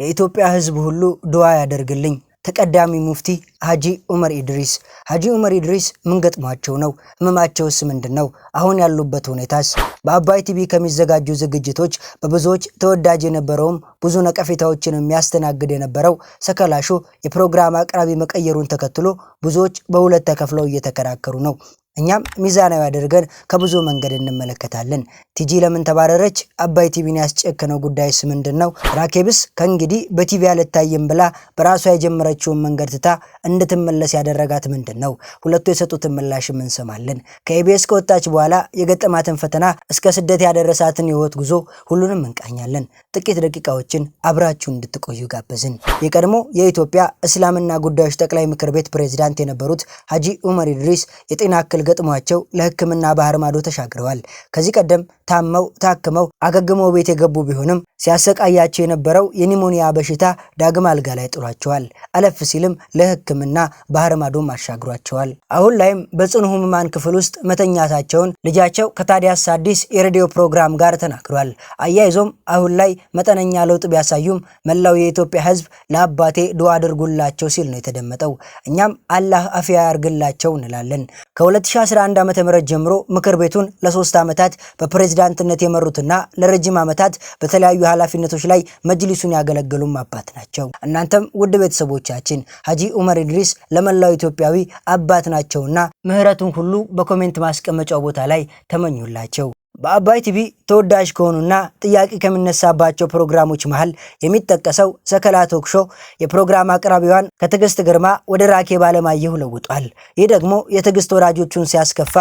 የኢትዮጵያ ሕዝብ ሁሉ ድዋ ያደርግልኝ። ተቀዳሚ ሙፍቲ ሀጂ ዑመር ኢድሪስ። ሀጂ ዑመር ኢድሪስ ምን ገጥሟቸው ነው? ህመማቸውስ ምንድን ነው? አሁን ያሉበት ሁኔታስ? በአባይ ቲቪ ከሚዘጋጁ ዝግጅቶች በብዙዎች ተወዳጅ የነበረውም ብዙ ነቀፌታዎችን የሚያስተናግድ የነበረው ሰከላሾ የፕሮግራም አቅራቢ መቀየሩን ተከትሎ ብዙዎች በሁለት ተከፍለው እየተከራከሩ ነው። እኛም ሚዛናዊ አድርገን ከብዙ መንገድ እንመለከታለን። ቲጂ ለምን ተባረረች? አባይ ቲቪን ያስጨከነው ጉዳይስ ምንድን ነው? ራኬብስ ከእንግዲህ በቲቪ አልታይም ብላ በራሷ የጀመረችውን መንገድ ትታ እንድትመለስ ያደረጋት ምንድን ነው? ሁለቱ የሰጡትን ምላሽም እንሰማለን። ከኢቢኤስ ከወጣች በኋላ የገጠማትን ፈተና እስከ ስደት ያደረሳትን የህይወት ጉዞ ሁሉንም እንቃኛለን። ጥቂት ደቂቃዎችን አብራችሁ እንድትቆዩ ጋበዝን። የቀድሞ የኢትዮጵያ እስላምና ጉዳዮች ጠቅላይ ምክር ቤት ፕሬዚዳንት የነበሩት ሀጂ ኡመር ኢድሪስ የጤና እክል ገጥሟቸው ለሕክምና ባህር ማዶ ተሻግረዋል። ከዚህ ቀደም ታመው ታክመው አገግመው ቤት የገቡ ቢሆንም ሲያሰቃያቸው የነበረው የኒሞኒያ በሽታ ዳግም አልጋ ላይ ጥሏቸዋል። አለፍ ሲልም ለሕክምና ባህር ማዶም አሻግሯቸዋል። አሁን ላይም በጽኑ ህሙማን ክፍል ውስጥ መተኛታቸውን ልጃቸው ከታዲያስ አዲስ የሬዲዮ ፕሮግራም ጋር ተናግሯል። አያይዞም አሁን ላይ መጠነኛ ለውጥ ቢያሳዩም መላው የኢትዮጵያ ሕዝብ ለአባቴ ዱዓ አድርጉላቸው ሲል ነው የተደመጠው። እኛም አላህ አፍያ ያርግላቸው እንላለን። ከ2011 ዓ.ም ጀምሮ ምክር ቤቱን ለሶስት ዓመታት በፕሬዝዳንትነት የመሩትና ለረጅም ዓመታት በተለያዩ ኃላፊነቶች ላይ መጅሊሱን ያገለገሉም አባት ናቸው። እናንተም ውድ ቤተሰቦቻችን ሀጂ ኡመር ኢድሪስ ለመላው ኢትዮጵያዊ አባት ናቸውና ምህረቱን ሁሉ በኮሜንት ማስቀመጫው ቦታ ላይ ተመኙላቸው። በአባይ ቲቪ ተወዳጅ ከሆኑና ጥያቄ ከሚነሳባቸው ፕሮግራሞች መሃል የሚጠቀሰው ሰከላ ቶክ የፕሮግራም አቅራቢዋን ከትዕግስት ግርማ ወደ ራኬብ አለማየሁ ለውጧል። ይህ ደግሞ የትዕግስት ወዳጆቹን ሲያስከፋ፣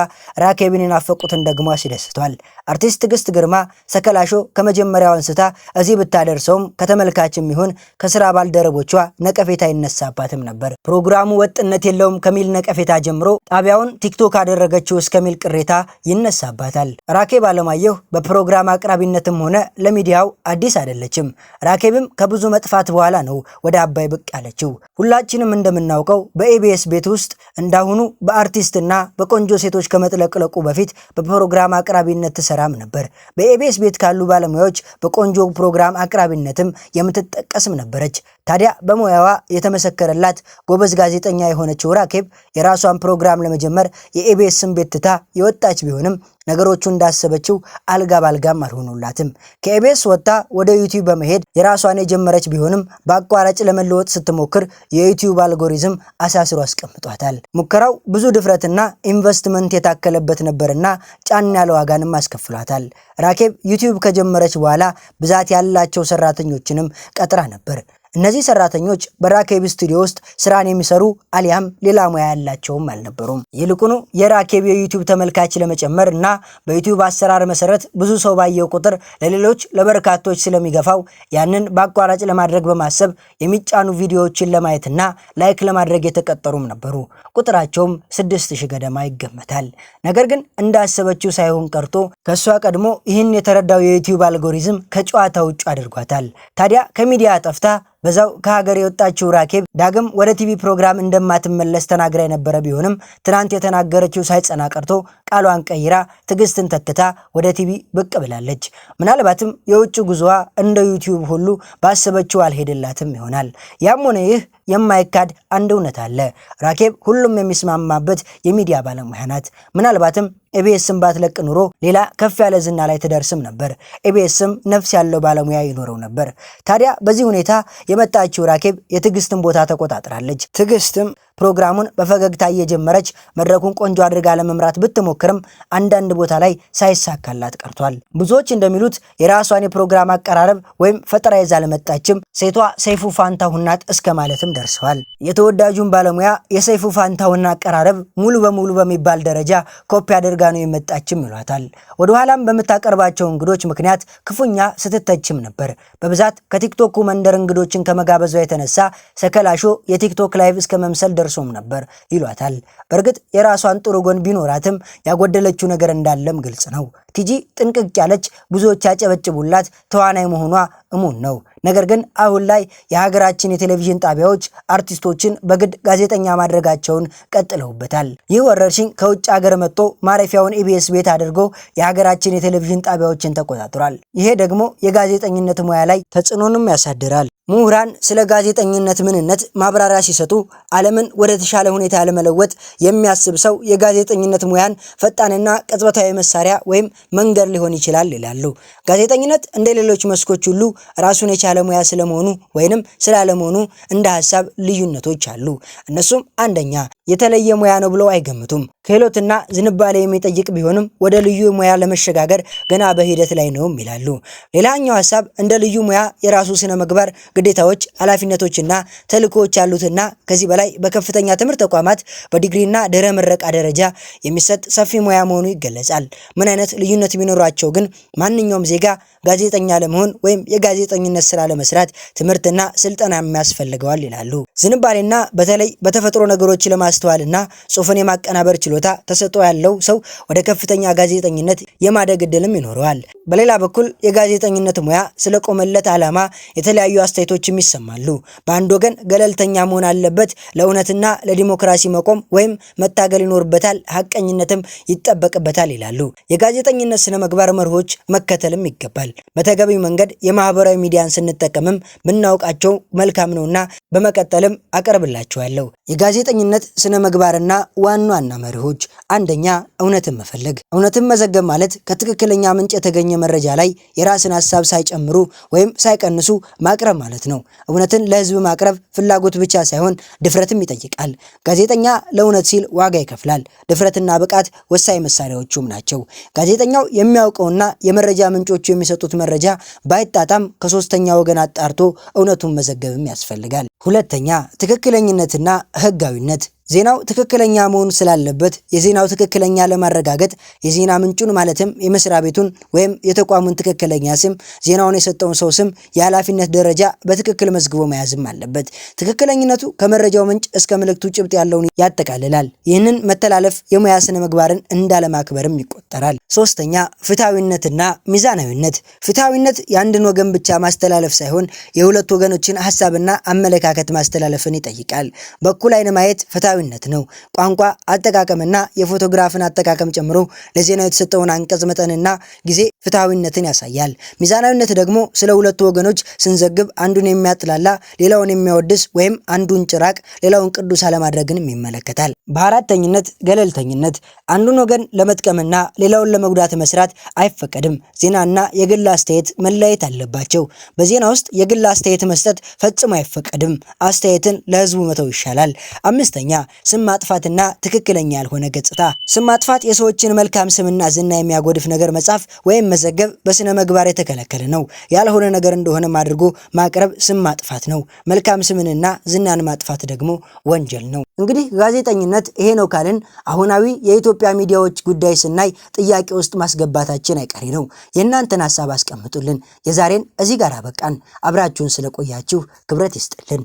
ራኬብን የናፈቁትን ደግሞ አስደስቷል። አርቲስት ትዕግስት ግርማ ሰከላ ከመጀመሪያው አንስታ እዚህ ብታደርሰውም ከተመልካችም ይሁን ከስራ ባልደረቦቿ ነቀፌታ ይነሳባትም ነበር። ፕሮግራሙ ወጥነት የለውም ከሚል ነቀፌታ ጀምሮ ጣቢያውን ቲክቶክ አደረገችው እስከሚል ቅሬታ ይነሳባታል። ራኬብ ራኬብ አለማየሁ በፕሮግራም አቅራቢነትም ሆነ ለሚዲያው አዲስ አይደለችም። ራኬብም ከብዙ መጥፋት በኋላ ነው ወደ አባይ ብቅ ያለችው። ሁላችንም እንደምናውቀው በኤቢኤስ ቤት ውስጥ እንዳሁኑ በአርቲስትና በቆንጆ ሴቶች ከመጥለቅለቁ በፊት በፕሮግራም አቅራቢነት ትሰራም ነበር። በኤቢኤስ ቤት ካሉ ባለሙያዎች በቆንጆ ፕሮግራም አቅራቢነትም የምትጠቀስም ነበረች። ታዲያ በሙያዋ የተመሰከረላት ጎበዝ ጋዜጠኛ የሆነችው ራኬብ የራሷን ፕሮግራም ለመጀመር የኢቢኤስን ቤት ትታ የወጣች ቢሆንም ነገሮቹ እንዳሰበችው አልጋ ባልጋም አልሆኑላትም። ከኤቤስ ወጥታ ወደ ዩቲዩብ በመሄድ የራሷን የጀመረች ቢሆንም በአቋራጭ ለመለወጥ ስትሞክር የዩቲዩብ አልጎሪዝም አሳስሮ አስቀምጧታል። ሙከራው ብዙ ድፍረትና ኢንቨስትመንት የታከለበት ነበርና ጫን ያለ ዋጋንም አስከፍሏታል። ራኬብ ዩቲዩብ ከጀመረች በኋላ ብዛት ያላቸው ሰራተኞችንም ቀጥራ ነበር። እነዚህ ሰራተኞች በራኬብ ስቱዲዮ ውስጥ ስራን የሚሰሩ አሊያም ሌላ ሙያ ያላቸውም አልነበሩም። ይልቁኑ የራኬብ የዩቲዩብ ተመልካች ለመጨመር እና በዩቲዩብ አሰራር መሰረት ብዙ ሰው ባየው ቁጥር ለሌሎች ለበርካቶች ስለሚገፋው ያንን በአቋራጭ ለማድረግ በማሰብ የሚጫኑ ቪዲዮዎችን ለማየትና ላይክ ለማድረግ የተቀጠሩም ነበሩ። ቁጥራቸውም ስድስት ሺህ ገደማ ይገመታል። ነገር ግን እንዳሰበችው ሳይሆን ቀርቶ ከእሷ ቀድሞ ይህን የተረዳው የዩቲዩብ አልጎሪዝም ከጨዋታ ውጭ አድርጓታል። ታዲያ ከሚዲያ ጠፍታ በዛው ከሀገር የወጣችው ራኬብ ዳግም ወደ ቲቪ ፕሮግራም እንደማትመለስ ተናግራ የነበረ ቢሆንም ትናንት የተናገረችው ሳይጸና ቀርቶ ቃሏን ቀይራ ትዕግስትን ተክታ ወደ ቲቪ ብቅ ብላለች። ምናልባትም የውጭ ጉዞዋ እንደ ዩቲዩብ ሁሉ ባሰበችው አልሄደላትም ይሆናል። ያም ሆነ ይህ የማይካድ አንድ እውነት አለ። ራኬብ ሁሉም የሚስማማበት የሚዲያ ባለሙያ ናት። ምናልባትም ኤቢኤስም ባትለቅ ኑሮ ሌላ ከፍ ያለ ዝና ላይ ትደርስም ነበር። ኤቢኤስም ነፍስ ያለው ባለሙያ ይኖረው ነበር። ታዲያ በዚህ ሁኔታ የመጣችው ራኬብ የትዕግስትን ቦታ ተቆጣጥራለች። ትዕግስትም ፕሮግራሙን በፈገግታ እየጀመረች መድረኩን ቆንጆ አድርጋ ለመምራት ብትሞክርም አንዳንድ ቦታ ላይ ሳይሳካላት ቀርቷል። ብዙዎች እንደሚሉት የራሷን የፕሮግራም አቀራረብ ወይም ፈጠራ ይዛ አልመጣችም። ሴቷ ሰይፉ ፋንታሁን ናት እስከ ማለትም ደርሰዋል። የተወዳጁን ባለሙያ የሰይፉ ፋንታሁን አቀራረብ ሙሉ በሙሉ በሚባል ደረጃ ኮፒ አድርጋ ነው የመጣችም ይሏታል። ወደኋላም በምታቀርባቸው እንግዶች ምክንያት ክፉኛ ስትተችም ነበር። በብዛት ከቲክቶኩ መንደር እንግዶችን ከመጋበዟ የተነሳ ሰከላሾ የቲክቶክ ላይቭ እስከ መምሰል ደርሶም ነበር ይሏታል። በእርግጥ የራሷን ጥሩ ጎን ቢኖራትም ያጎደለችው ነገር እንዳለም ግልጽ ነው። ቲጂ ጥንቅቅ ያለች፣ ብዙዎች ያጨበጭቡላት ተዋናይ መሆኗ እሙን ነው። ነገር ግን አሁን ላይ የሀገራችን የቴሌቪዥን ጣቢያዎች አርቲስቶችን በግድ ጋዜጠኛ ማድረጋቸውን ቀጥለውበታል። ይህ ወረርሽኝ ከውጭ ሀገር መጥቶ ማረፊያውን ኢቢኤስ ቤት አድርጎ የሀገራችን የቴሌቪዥን ጣቢያዎችን ተቆጣጥሯል። ይሄ ደግሞ የጋዜጠኝነት ሙያ ላይ ተጽዕኖንም ያሳድራል። ምሁራን ስለ ጋዜጠኝነት ምንነት ማብራሪያ ሲሰጡ ዓለምን ወደ ተሻለ ሁኔታ ለመለወጥ የሚያስብ ሰው የጋዜጠኝነት ሙያን ፈጣንና ቅጽበታዊ መሳሪያ ወይም መንገድ ሊሆን ይችላል ይላሉ። ጋዜጠኝነት እንደ ሌሎች መስኮች ሁሉ ራሱን የቻለ ባለሙያ ስለመሆኑ ወይንም ስላለመሆኑ እንደ ሀሳብ ልዩነቶች አሉ። እነሱም አንደኛ የተለየ ሙያ ነው ብለው አይገምቱም። ክህሎትና ዝንባሌ የሚጠይቅ ቢሆንም ወደ ልዩ ሙያ ለመሸጋገር ገና በሂደት ላይ ነውም ይላሉ። ሌላኛው ሀሳብ እንደ ልዩ ሙያ የራሱ ስነ ምግባር፣ ግዴታዎች፣ ኃላፊነቶችና ተልእኮዎች ያሉትና ከዚህ በላይ በከፍተኛ ትምህርት ተቋማት በዲግሪና ድህረ ምረቃ ደረጃ የሚሰጥ ሰፊ ሙያ መሆኑ ይገለጻል። ምን አይነት ልዩነት የሚኖራቸው ግን ማንኛውም ዜጋ ጋዜጠኛ ለመሆን ወይም የጋዜጠኝነት ስራ ለመስራት ትምህርትና ስልጠና የሚያስፈልገዋል ይላሉ። ዝንባሌና በተለይ በተፈጥሮ ነገሮች ለማስተዋልና ጽሁፍን የማቀናበር ችሎ ችሎታ ተሰጦ ያለው ሰው ወደ ከፍተኛ ጋዜጠኝነት የማደግ እድልም ይኖረዋል። በሌላ በኩል የጋዜጠኝነት ሙያ ስለ ቆመለት ዓላማ የተለያዩ አስተያየቶችም ይሰማሉ። በአንድ ወገን ገለልተኛ መሆን አለበት፣ ለእውነትና ለዲሞክራሲ መቆም ወይም መታገል ይኖርበታል፣ ሀቀኝነትም ይጠበቅበታል ይላሉ። የጋዜጠኝነት ስነ ምግባር መርሆች መከተልም ይገባል። በተገቢ መንገድ የማህበራዊ ሚዲያን ስንጠቀምም ብናውቃቸው መልካም ነውና በመቀጠልም አቀርብላችኋለሁ የጋዜጠኝነት ስነ ምግባርና ዋና ዋና መርሆ መርሆች አንደኛ እውነትን መፈለግ። እውነትን መዘገብ ማለት ከትክክለኛ ምንጭ የተገኘ መረጃ ላይ የራስን ሀሳብ ሳይጨምሩ ወይም ሳይቀንሱ ማቅረብ ማለት ነው። እውነትን ለህዝብ ማቅረብ ፍላጎት ብቻ ሳይሆን ድፍረትም ይጠይቃል። ጋዜጠኛ ለእውነት ሲል ዋጋ ይከፍላል። ድፍረትና ብቃት ወሳኝ መሳሪያዎቹም ናቸው። ጋዜጠኛው የሚያውቀውና የመረጃ ምንጮቹ የሚሰጡት መረጃ ባይጣጣም ከሶስተኛ ወገን አጣርቶ እውነቱን መዘገብም ያስፈልጋል። ሁለተኛ ትክክለኝነትና ህጋዊነት ዜናው ትክክለኛ መሆን ስላለበት የዜናው ትክክለኛ ለማረጋገጥ የዜና ምንጩን ማለትም የመስሪያ ቤቱን ወይም የተቋሙን ትክክለኛ ስም፣ ዜናውን የሰጠውን ሰው ስም፣ የኃላፊነት ደረጃ በትክክል መዝግቦ መያዝም አለበት። ትክክለኝነቱ ከመረጃው ምንጭ እስከ ምልክቱ ጭብጥ ያለውን ያጠቃልላል። ይህንን መተላለፍ የሙያ ስነ ምግባርን እንዳለማክበርም ይቆጠራል። ሶስተኛ ፍትሐዊነትና ሚዛናዊነት። ፍትሐዊነት የአንድን ወገን ብቻ ማስተላለፍ ሳይሆን የሁለት ወገኖችን ሀሳብና አመለካከት ማስተላለፍን ይጠይቃል። በኩል አይን ማየት ፍትሐ መሰረታዊነት ነው። ቋንቋ አጠቃቀምና የፎቶግራፍን አጠቃቀም ጨምሮ ለዜናው የተሰጠውን አንቀጽ መጠንና ጊዜ ፍትሐዊነትን ያሳያል። ሚዛናዊነት ደግሞ ስለ ሁለቱ ወገኖች ስንዘግብ አንዱን የሚያጥላላ ሌላውን የሚያወድስ ወይም አንዱን ጭራቅ ሌላውን ቅዱስ አለማድረግንም ይመለከታል። በአራተኝነት ገለልተኝነት አንዱን ወገን ለመጥቀምና ሌላውን ለመጉዳት መስራት አይፈቀድም። ዜናና የግል አስተያየት መለያየት አለባቸው። በዜና ውስጥ የግል አስተያየት መስጠት ፈጽሞ አይፈቀድም። አስተያየትን ለህዝቡ መተው ይሻላል። አምስተኛ ስም ማጥፋትና ትክክለኛ ያልሆነ ገጽታ። ስም ማጥፋት የሰዎችን መልካም ስምና ዝና የሚያጎድፍ ነገር መጻፍ ወይም መዘገብ በስነ ምግባር የተከለከለ ነው። ያልሆነ ነገር እንደሆነም አድርጎ ማቅረብ ስም ማጥፋት ነው። መልካም ስምንና ዝናን ማጥፋት ደግሞ ወንጀል ነው። እንግዲህ ጋዜጠኝነት ይሄ ነው ካልን አሁናዊ የኢትዮጵያ ሚዲያዎች ጉዳይ ስናይ ጥያቄ ውስጥ ማስገባታችን አይቀሬ ነው። የእናንተን ሀሳብ አስቀምጡልን። የዛሬን እዚህ ጋር በቃን። አብራችሁን ስለቆያችሁ ክብረት ይስጥልን።